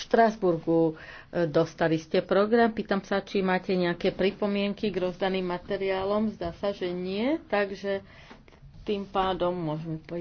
Štrásburgu. E, dostali ste program. Pýtam sa, či máte nejaké pripomienky k rozdaným materiálom. Zdá sa, že nie, takže tým pádom môžeme povedať.